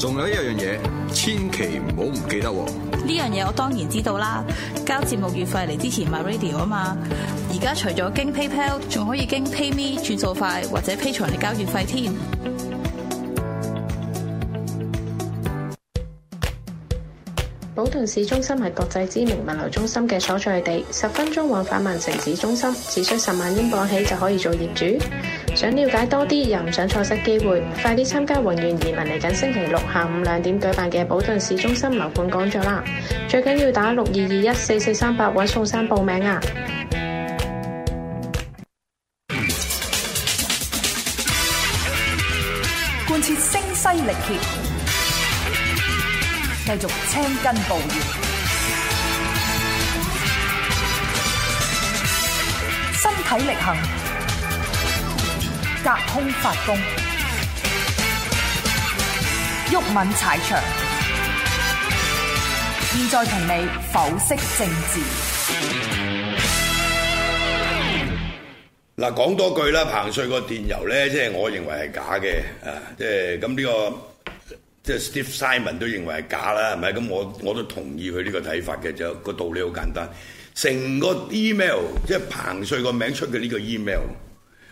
仲有一樣嘢，千祈唔好唔記得喎！呢樣嘢我當然知道啦，交節目月費嚟支持 MyRadio 啊嘛！而家除咗經 PayPal，仲可以經 PayMe 轉數快，或者 Patreon 嚟交月費添。保頓市中心係國際知名物流中心嘅所在地，十分鐘往返曼城市中心，只需十萬英鎊起就可以做業主。想了解多啲又唔想錯失機會，快啲參加宏源移民嚟緊星期六下午兩點舉辦嘅寶墩市中心樓盤講座啦！最緊要打六二二一四四三八位宋生報名啊！貫徹聲嘶力竭，繼續青筋暴現，身體力行。隔空發功，毓民踩場，現在同你剖析政治。嗱，講多句啦，彭帥個電郵咧，即係我認為係假嘅啊！即係咁呢個，即係 Steve Simon 都認為係假啦，係咪？咁我我都同意佢呢個睇法嘅，就個道理好簡單，成個 email 即係彭帥個名出嘅呢個 email。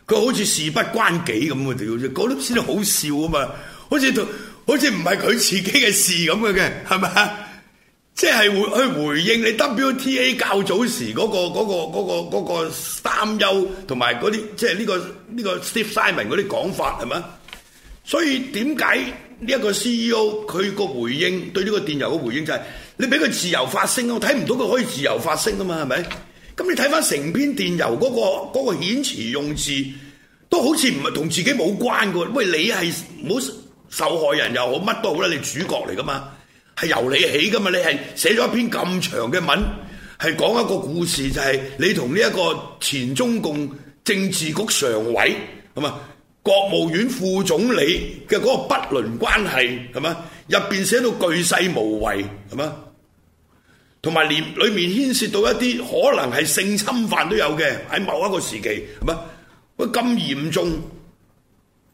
佢好似事不關己咁啊！屌，嗰啲先好笑啊嘛！好似同好似唔係佢自己嘅事咁嘅，係嘛？即係回去回應你 WTA 較早時嗰個嗰個嗰個嗰個擔憂，同埋嗰啲即係呢個呢個 Steve Simon 嗰啲講法，係咪？所以點解呢一個 CEO 佢個回應對呢個電郵嘅回應就係你俾佢自由發聲，我睇唔到佢可以自由發聲啊嘛？係咪？咁你睇翻成篇電郵嗰個嗰個遣詞用字，都好似唔係同自己冇關喎。喂，你係冇受害人又好，乜都好啦，你主角嚟㗎嘛？係由你起㗎嘛？你係寫咗一篇咁長嘅文，係講一個故事，就係你同呢一個前中共政治局常委，係嘛？國務院副總理嘅嗰個不倫關係，係嘛？入邊寫到巨細無遺，係嘛？同埋連裏面牽涉到一啲可能係性侵犯都有嘅，喺某一個時期，係咪？咁嚴重？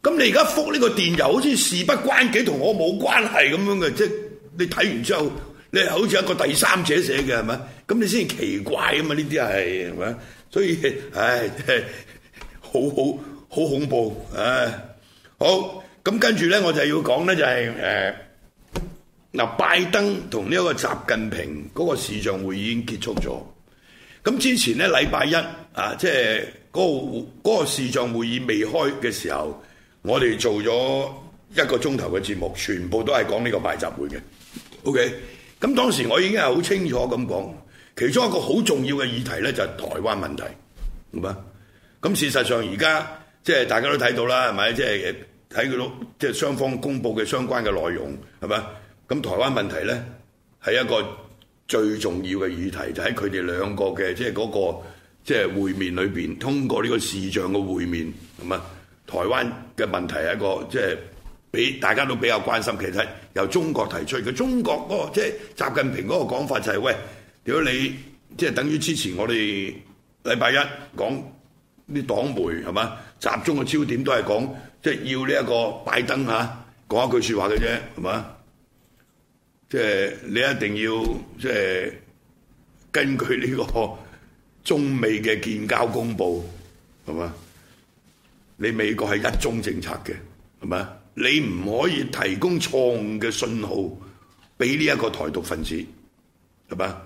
咁你而家覆呢個電郵，又好似事不關己，同我冇關係咁樣嘅，即係你睇完之後，你係好似一個第三者寫嘅，係咪？咁你先奇怪啊嘛？呢啲係係咪？所以，唉，好好好恐怖，唉，好。咁跟住咧，我就要講咧，就係誒。嗱，拜登同呢一個習近平嗰個視像會議已經結束咗。咁之前呢禮拜一啊，即係嗰個嗰個視像會議未開嘅時候，我哋做咗一個鐘頭嘅節目，全部都係講呢個拜習會嘅。OK。咁當時我已經係好清楚咁講，其中一個好重要嘅議題呢就係台灣問題，係咪？咁事實上而家即係大家都睇到啦，係咪？即係睇佢到即係雙方公布嘅相關嘅內容，係咪？咁台灣問題咧係一個最重要嘅議題，就喺佢哋兩個嘅即係嗰個即係會面裏邊，通過呢個視像嘅會面，咁啊，台灣嘅問題係一個即係俾大家都比較關心，其實由中國提出嘅中國嗰即係習近平嗰個講法就係、是、喂，如果你即係、就是、等於之前我哋禮拜一講啲黨媒係嘛，集中嘅焦點都係講即係、就是、要呢一個拜登嚇、啊、講一句説話嘅啫，係嘛？即係你一定要即係根據呢個中美嘅建交公佈，係嘛？你美國係一中政策嘅，係咪啊？你唔可以提供錯誤嘅信號俾呢一個台獨分子，係嘛？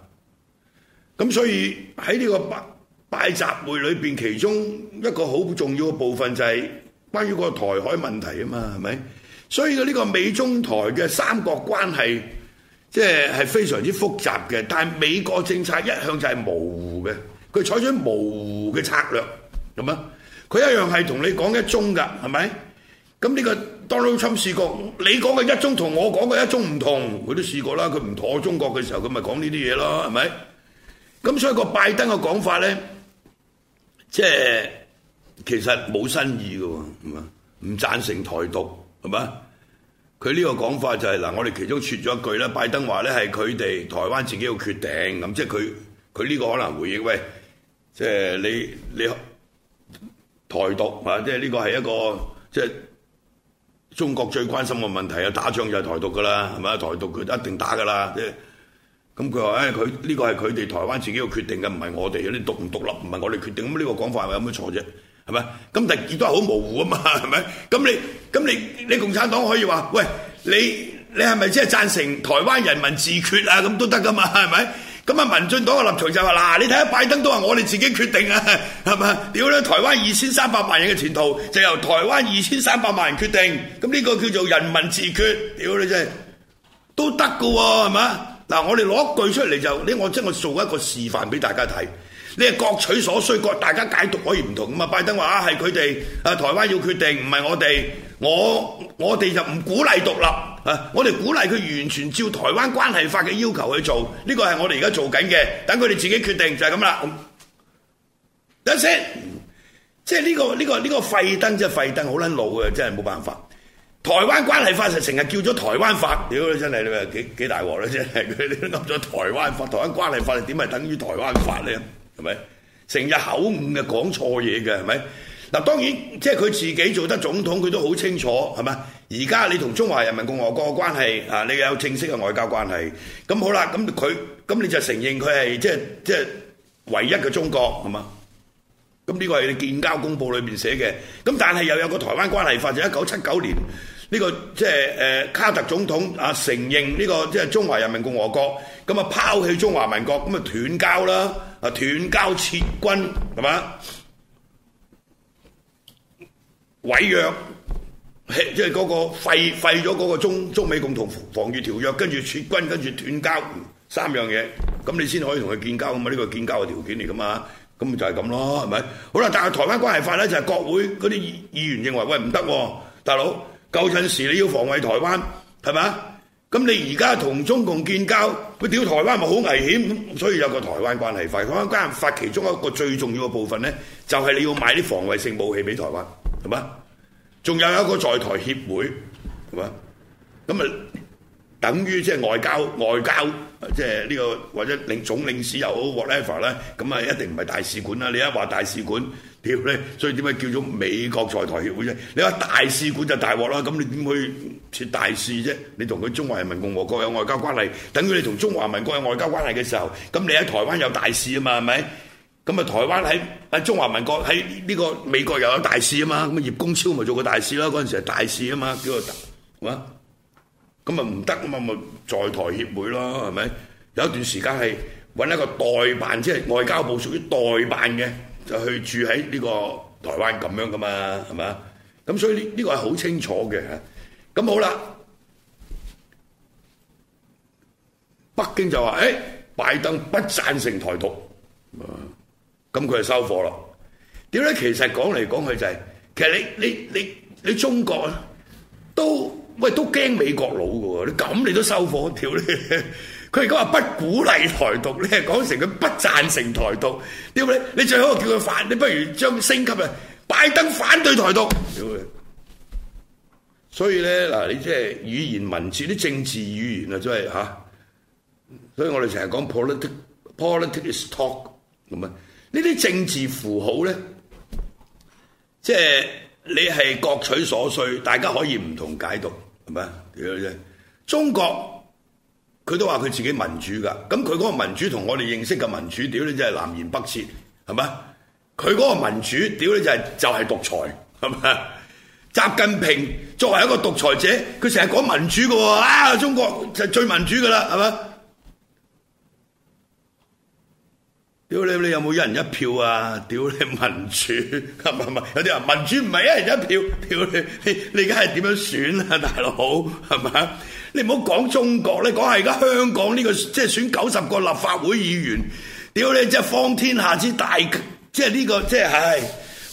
咁所以喺呢個拜習會裏邊，其中一個好重要嘅部分就係關於個台海問題啊嘛，係咪？所以呢個美中台嘅三角關係。即係非常之複雜嘅，但係美國政策一向就係模糊嘅，佢採取模糊嘅策略，咁啊，佢一樣係同你講一中㗎，係咪？咁呢個 Donald Trump 試過，你講嘅一中同我講嘅一中唔同，佢都試過啦。佢唔妥中國嘅時候，佢咪講呢啲嘢咯，係咪？咁所以個拜登嘅講法咧，即係其實冇新意嘅喎，唔啊，唔贊成台獨，係咪？佢呢個講法就係、是、嗱，我哋其中説咗一句啦，拜登話咧係佢哋台灣自己嘅決定，咁即係佢佢呢個可能回應喂，即係你你台獨啊，即係呢個係一個即係中國最關心嘅問題啊，打仗就係台獨噶啦，係咪啊？台獨佢一定打噶啦，即係咁佢話誒，佢呢、哎這個係佢哋台灣自己嘅決定嘅，唔係我哋，啲獨唔獨立唔係我哋決定，咁、這個、呢個講法係咪有咩錯啫？係咪？咁但亦都係好模糊啊嘛，係咪？咁你咁你你共產黨可以話喂，你你係咪即係贊成台灣人民自決啊？咁都得噶嘛，係咪？咁啊民進黨嘅立場就話嗱，你睇下拜登都話我哋自己決定啊，係咪？屌你，台灣二千三百萬人嘅前途就由台灣二千三百萬人決定，咁呢個叫做人民自決，屌你真係都得噶喎，係咪？嗱，我哋攞句出嚟就，你我即係做一個示範俾大家睇。你係各取所需，各大家解讀可以唔同。咁啊，拜登話啊，係佢哋啊，台灣要決定，唔係我哋。我我哋就唔鼓勵獨立啊，我哋鼓勵佢完全照台灣關係法嘅要求去做。呢個係我哋而家做緊嘅，等佢哋自己決定就係咁啦。等先，即係呢個呢個呢個拜登即係拜登好撚老嘅，真係冇辦法。台灣關係法就成日叫咗台灣法，屌你真係你話幾大鑊咧，真係佢哋都諗咗台灣法，台灣關係法點係等於台灣法咧？係咪？成日口誤嘅，講錯嘢嘅，係咪？嗱，當然即係佢自己做得總統，佢都好清楚，係嘛？而家你同中華人民共和國嘅關係啊，你有正式嘅外交關係，咁好啦，咁佢咁你就承認佢係即係即係唯一嘅中國，係嘛？咁呢個係你建交公報裏面寫嘅，咁但係又有個台灣關係法，就一九七九年。呢、這個即係誒、呃、卡特總統啊，承認呢、這個即係中華人民共和國，咁啊拋棄中華民國，咁啊斷交啦，啊斷交撤軍係嘛，毀約，即係嗰、那個廢廢咗嗰個中中美共同防禦條約，跟住撤軍，跟住斷交三樣嘢，咁你先可以同佢建交啊嘛？呢、這個建交嘅條件嚟噶嘛？咁就係咁咯，係咪？好啦，但係台灣關係法咧就係、是、國會嗰啲議議員認為喂唔得，大佬。大舊陣時你要防衞台灣係嘛？咁你而家同中共建交，佢屌台灣咪好危險？所以有個台灣關係法，台灣關係法其中一個最重要嘅部分呢，就係、是、你要買啲防衞性武器俾台灣係嘛？仲有一個在台協會係嘛？咁咪。等於即係外交外交，即係呢個或者領總領事又好 whatever 咧，咁啊一定唔係大使館啦。你一話大使館，屌你！所以點解叫做美國在台協會啫？你話大使館就大鑊啦。咁你點去設大使啫？你同佢中華人民共和國有外交關係，等於你同中華民國有外交關係嘅時候，咁你喺台灣有大使啊嘛，係咪？咁啊，台灣喺喺中華民國喺呢個美國又有大使啊嘛。咁葉公超咪做過大使啦？嗰陣時係大使啊嘛，叫啊哇！咁啊唔得咁啊，咪在台協會咯，係咪？有一段時間係搵一個代辦，即係外交部屬於代辦嘅，就去住喺呢個台灣咁樣噶嘛，係咪？咁所以呢呢個係好清楚嘅。咁好啦，北京就話，誒，拜登不贊成台獨，咁佢係收貨啦。點解？其實講嚟講去就係，其實你你你你中國啊，都。喂，都驚美國佬嘅喎，你咁你都收火條咧？佢而家話不鼓勵台獨，你係講成佢不贊成台獨。屌你，你最好叫佢反，你不如將升級啊！拜登反對台獨。屌你！所以咧嗱，你即係語言文字啲政治語言啊，即係吓。所以我哋成日講 political politics talk 咁啊，呢啲政治符號咧，即係你係各取所需，大家可以唔同解讀。係咪？屌你！中國佢都話佢自己民主噶，咁佢嗰個民主同我哋認識嘅民主，屌你真係南轅北轍，係咪？佢嗰個民主，屌你就係就係獨裁，係咪？習近平作為一個獨裁者，佢成日講民主嘅喎，啊，中國就最民主噶啦，係咪？屌你！你有冇一人一票啊？屌你！民主係咪咪？ 有啲人民主唔係一人一票。屌 你！你而家係點樣選啊？大佬係咪，你唔好講中國，你講下而家香港呢、這個即係、就是、選九十個立法會議員。屌你！即係荒天下之大，即係呢個即係唉，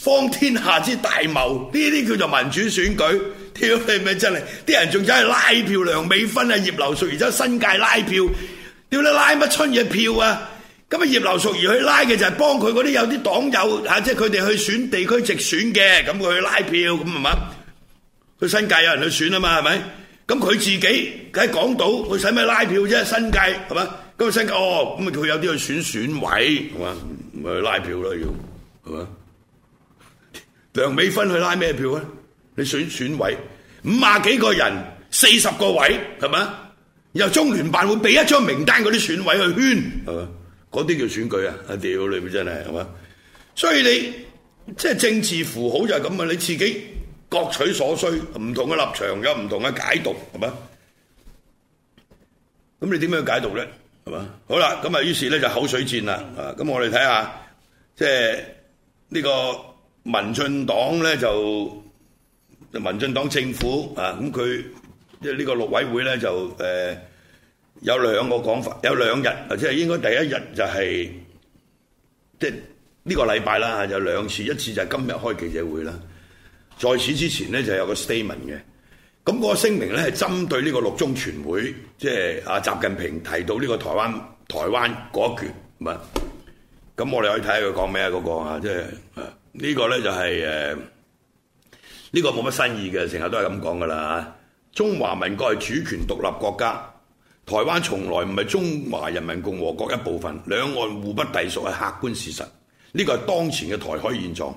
荒天下之大謀，呢啲叫做民主選舉。屌你咩真係？啲人仲走去拉票，梁美芬啊、葉劉淑儀、咁新界拉票。屌 你拉乜春嘢票啊？咁啊，葉劉淑儀去拉嘅就係幫佢嗰啲有啲黨友嚇、啊，即係佢哋去選地區直選嘅，咁佢去拉票，咁係嘛？佢新界有人去選啊嘛，係咪？咁佢自己喺港島，佢使咩拉票啫？新界係嘛？咁啊新界哦，咁啊佢有啲去選選委係嘛？咪去拉票咯，要係嘛？梁美芬去拉咩票啊？你選選委，五十幾個人，四十個位係咪？然後中聯辦會俾一張名單嗰啲選委去圈係嘛？嗰啲叫選舉啊！啊屌你咪真係係嘛，所以你即係政治符號就係咁啊！你自己各取所需，唔同嘅立場有唔同嘅解讀係嘛？咁你點樣解讀咧？係嘛？好啦，咁啊於是咧就口水戰啦啊！咁我哋睇下，即係呢個民進黨咧，就民進黨政府啊，咁佢即係呢個陸委會咧就誒。呃有兩個講法，有兩日，即係應該第一日就係、係、即呢個禮拜啦，有兩次，一次就係今日開記者會啦。在此之前呢，就有個聲、那個、明嘅。咁個聲明呢，係針對呢個六中全會，即係阿習近平提到呢個台灣，台灣嗰一橛。咁我哋可以睇下佢講咩啊嗰個啊，即係呢、這個呢、就係，就係誒呢個冇乜新意嘅，成日都係咁講噶啦。中華民國係主權獨立國家。台灣從來唔係中華人民共和國一部分，兩岸互不隸屬係客觀事實，呢個係當前嘅台海現狀。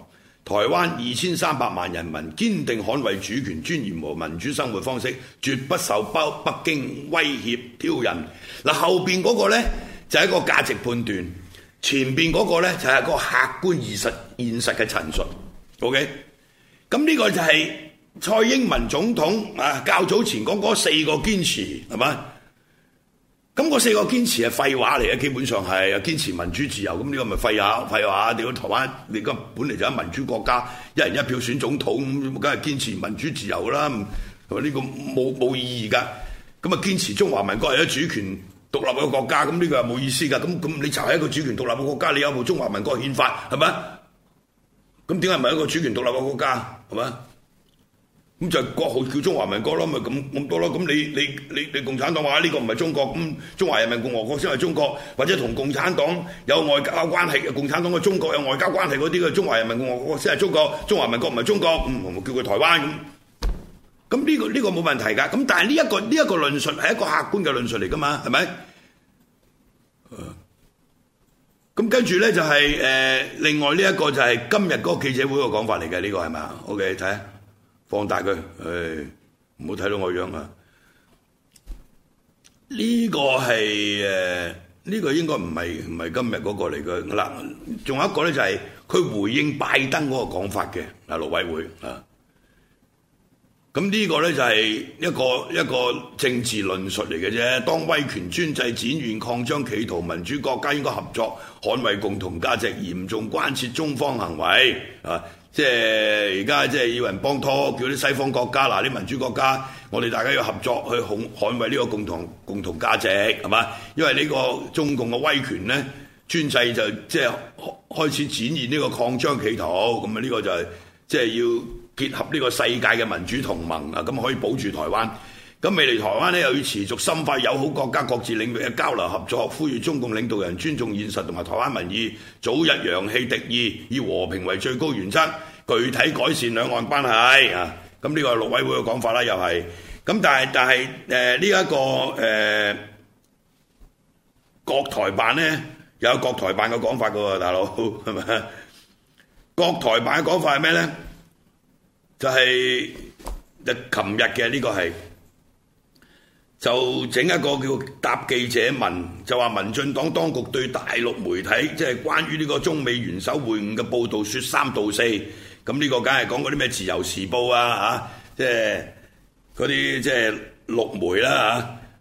台灣二千三百萬人民堅定捍衞主權、尊嚴和民主生活方式，絕不受包北京威脅挑釁。嗱，後邊嗰個呢就係、是、一個價值判斷，前邊嗰個呢就係、是、個客觀現實現實嘅陳述。OK，咁呢個就係蔡英文總統啊較早前講嗰四個堅持係嘛？咁嗰四個堅持係廢話嚟嘅，基本上係堅持民主自由。咁呢個咪廢話廢話？你到台灣你今本嚟就係民主國家，一人一票選總統，咁梗係堅持民主自由啦。係呢個冇冇意義㗎？咁啊堅持中華民國係一，一個主權獨立嘅國家，咁呢個係冇意思㗎。咁咁你就係一個主權獨立嘅國家，你有冇中華民國憲法係咪？咁點解唔係一個主權獨立嘅國家係咪？咁就國號叫中華民國咯，咪咁咁多咯。咁你你你你共產黨話呢個唔係中國，咁中華人民共和國先係中國，或者同共產黨有外交關係，共產黨嘅中國有外交關係嗰啲嘅中華人民共和國先係中國，中華民國唔係中國，嗯，叫佢台灣咁。咁呢個呢個冇問題㗎。咁但係呢一個呢一個論述係一個客觀嘅論述嚟㗎嘛，係咪？咁跟住咧就係誒，另外呢一個就係今日嗰個記者會嘅講法嚟嘅呢個係咪啊？OK，睇下。放大佢，唉，唔好睇到我樣啊！呢個係誒，呢個應該唔係唔係今日嗰個嚟嘅啦。仲有一個呢，就係佢回應拜登嗰個講法嘅，啊，陸委會啊。咁呢個呢，就係一個一個政治論述嚟嘅啫。當威權專制展現擴張，企圖民主國家應該合作捍衞共同價值，嚴重關切中方行為啊。即係而家，即係要人幫拖，叫啲西方國家，嗱啲民主國家，我哋大家要合作去捍捍衞呢個共同共同價值，係嘛？因為呢個中共嘅威權呢，專制就即係開始展現呢個擴張企圖，咁啊呢個就係即係要結合呢個世界嘅民主同盟啊，咁可以保住台灣。咁未嚟台灣呢，又要持續深化友好國家各自領域嘅交流合作，呼籲中共領導人尊重現實同埋台灣民意，早日揚棄敵意，以和平為最高原則，具體改善兩岸關係啊！咁呢個係陸委會嘅講法啦，又係。咁但係但係誒呢一個誒國台辦呢，又有國台辦嘅講法㗎喎，大佬係咪？國台辦嘅講法係咩呢？就係琴日嘅呢個係。就整一個叫答記者問，就話民進黨當局對大陸媒體即係關於呢個中美元首會晤嘅報導説三道四，咁呢個梗係講嗰啲咩自由時報啊，嚇，即係嗰啲即係綠媒啦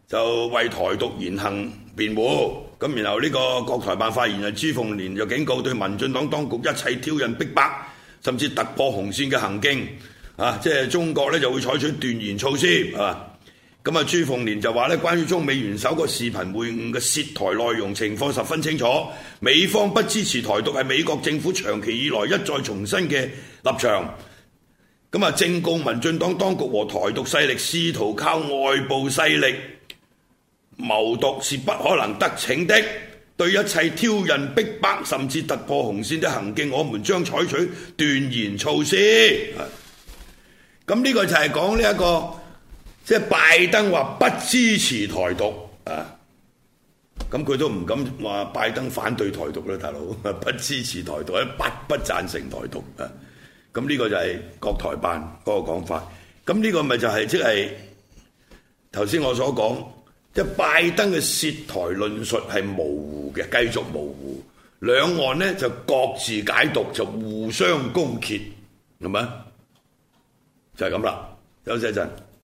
嚇，就為台獨言行辯護，咁然後呢個國台辦發言人，朱鳳蓮就警告對民進黨當局一切挑釁逼迫，甚至突破紅線嘅行徑，嚇，即係中國咧就會採取斷然措施，係嘛？咁啊，朱鳳蓮就話咧，關於中美元首個視頻會晤嘅涉台內容情況十分清楚，美方不支持台獨，係美國政府長期以來一再重申嘅立場。咁啊，正告民進黨當局和台獨勢力試圖靠外部勢力謀獨是不可能得逞的。對一切挑釁逼迫甚至突破紅線的行徑，我們將採取斷然措施。咁呢個就係講呢一個。即係拜登話不支持台獨啊，咁佢都唔敢話拜登反對台獨咧，大佬不支持台獨，一不不贊成台獨啊，咁呢個就係國台辦嗰個講法，咁呢個咪就係、是、即係頭先我所講，即係拜登嘅涉台論述係模糊嘅，繼續模糊，兩岸呢就各自解讀，就互相攻訐，係咪？就係咁啦，休息一陣。